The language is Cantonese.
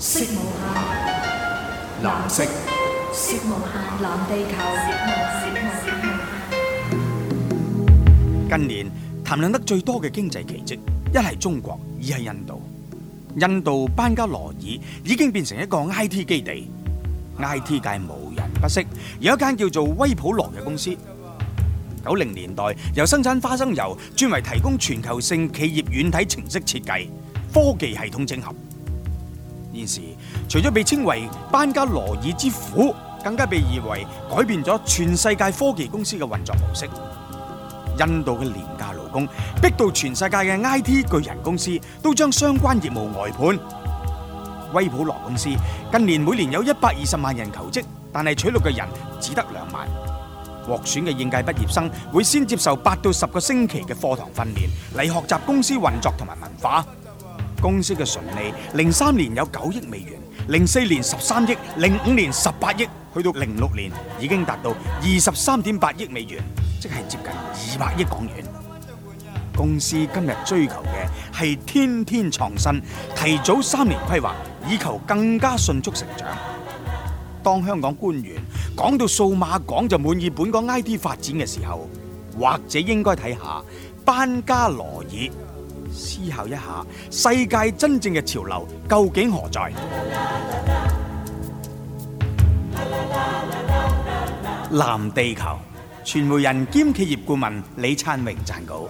色無限，藍色。色無限，藍地球。近年談論得最多嘅經濟奇蹟，一係中國，二係印度。印度班加羅爾已經變成一個 IT 基地，IT 界無人不識。有一間叫做威普羅嘅公司，九零年代由生產花生油轉為提供全球性企業軟體程式設計、科技系統整合。現時除咗被稱為班加羅爾之虎，更加被譽為改變咗全世界科技公司嘅運作模式。印度嘅廉價勞工逼到全世界嘅 IT 巨人公司都將相關業務外判。威普羅公司近年每年有一百二十萬人求職，但係取錄嘅人只得兩萬。獲選嘅應屆畢業生會先接受八到十個星期嘅課堂訓練，嚟學習公司運作同埋文化。公司嘅純利，零三年有九億美元，零四年十三億，零五年十八億，去到零六年已經達到二十三點八億美元，即係接近二百億港元。公司今日追求嘅係天天創新，提早三年規劃，以求更加迅速成長。當香港官員講到數碼港就滿意本港 IT 發展嘅時候，或者應該睇下班加羅爾。思考一下，世界真正嘅潮流究竟何在？藍地球，傳媒人兼企業顧問李燦榮撰稿。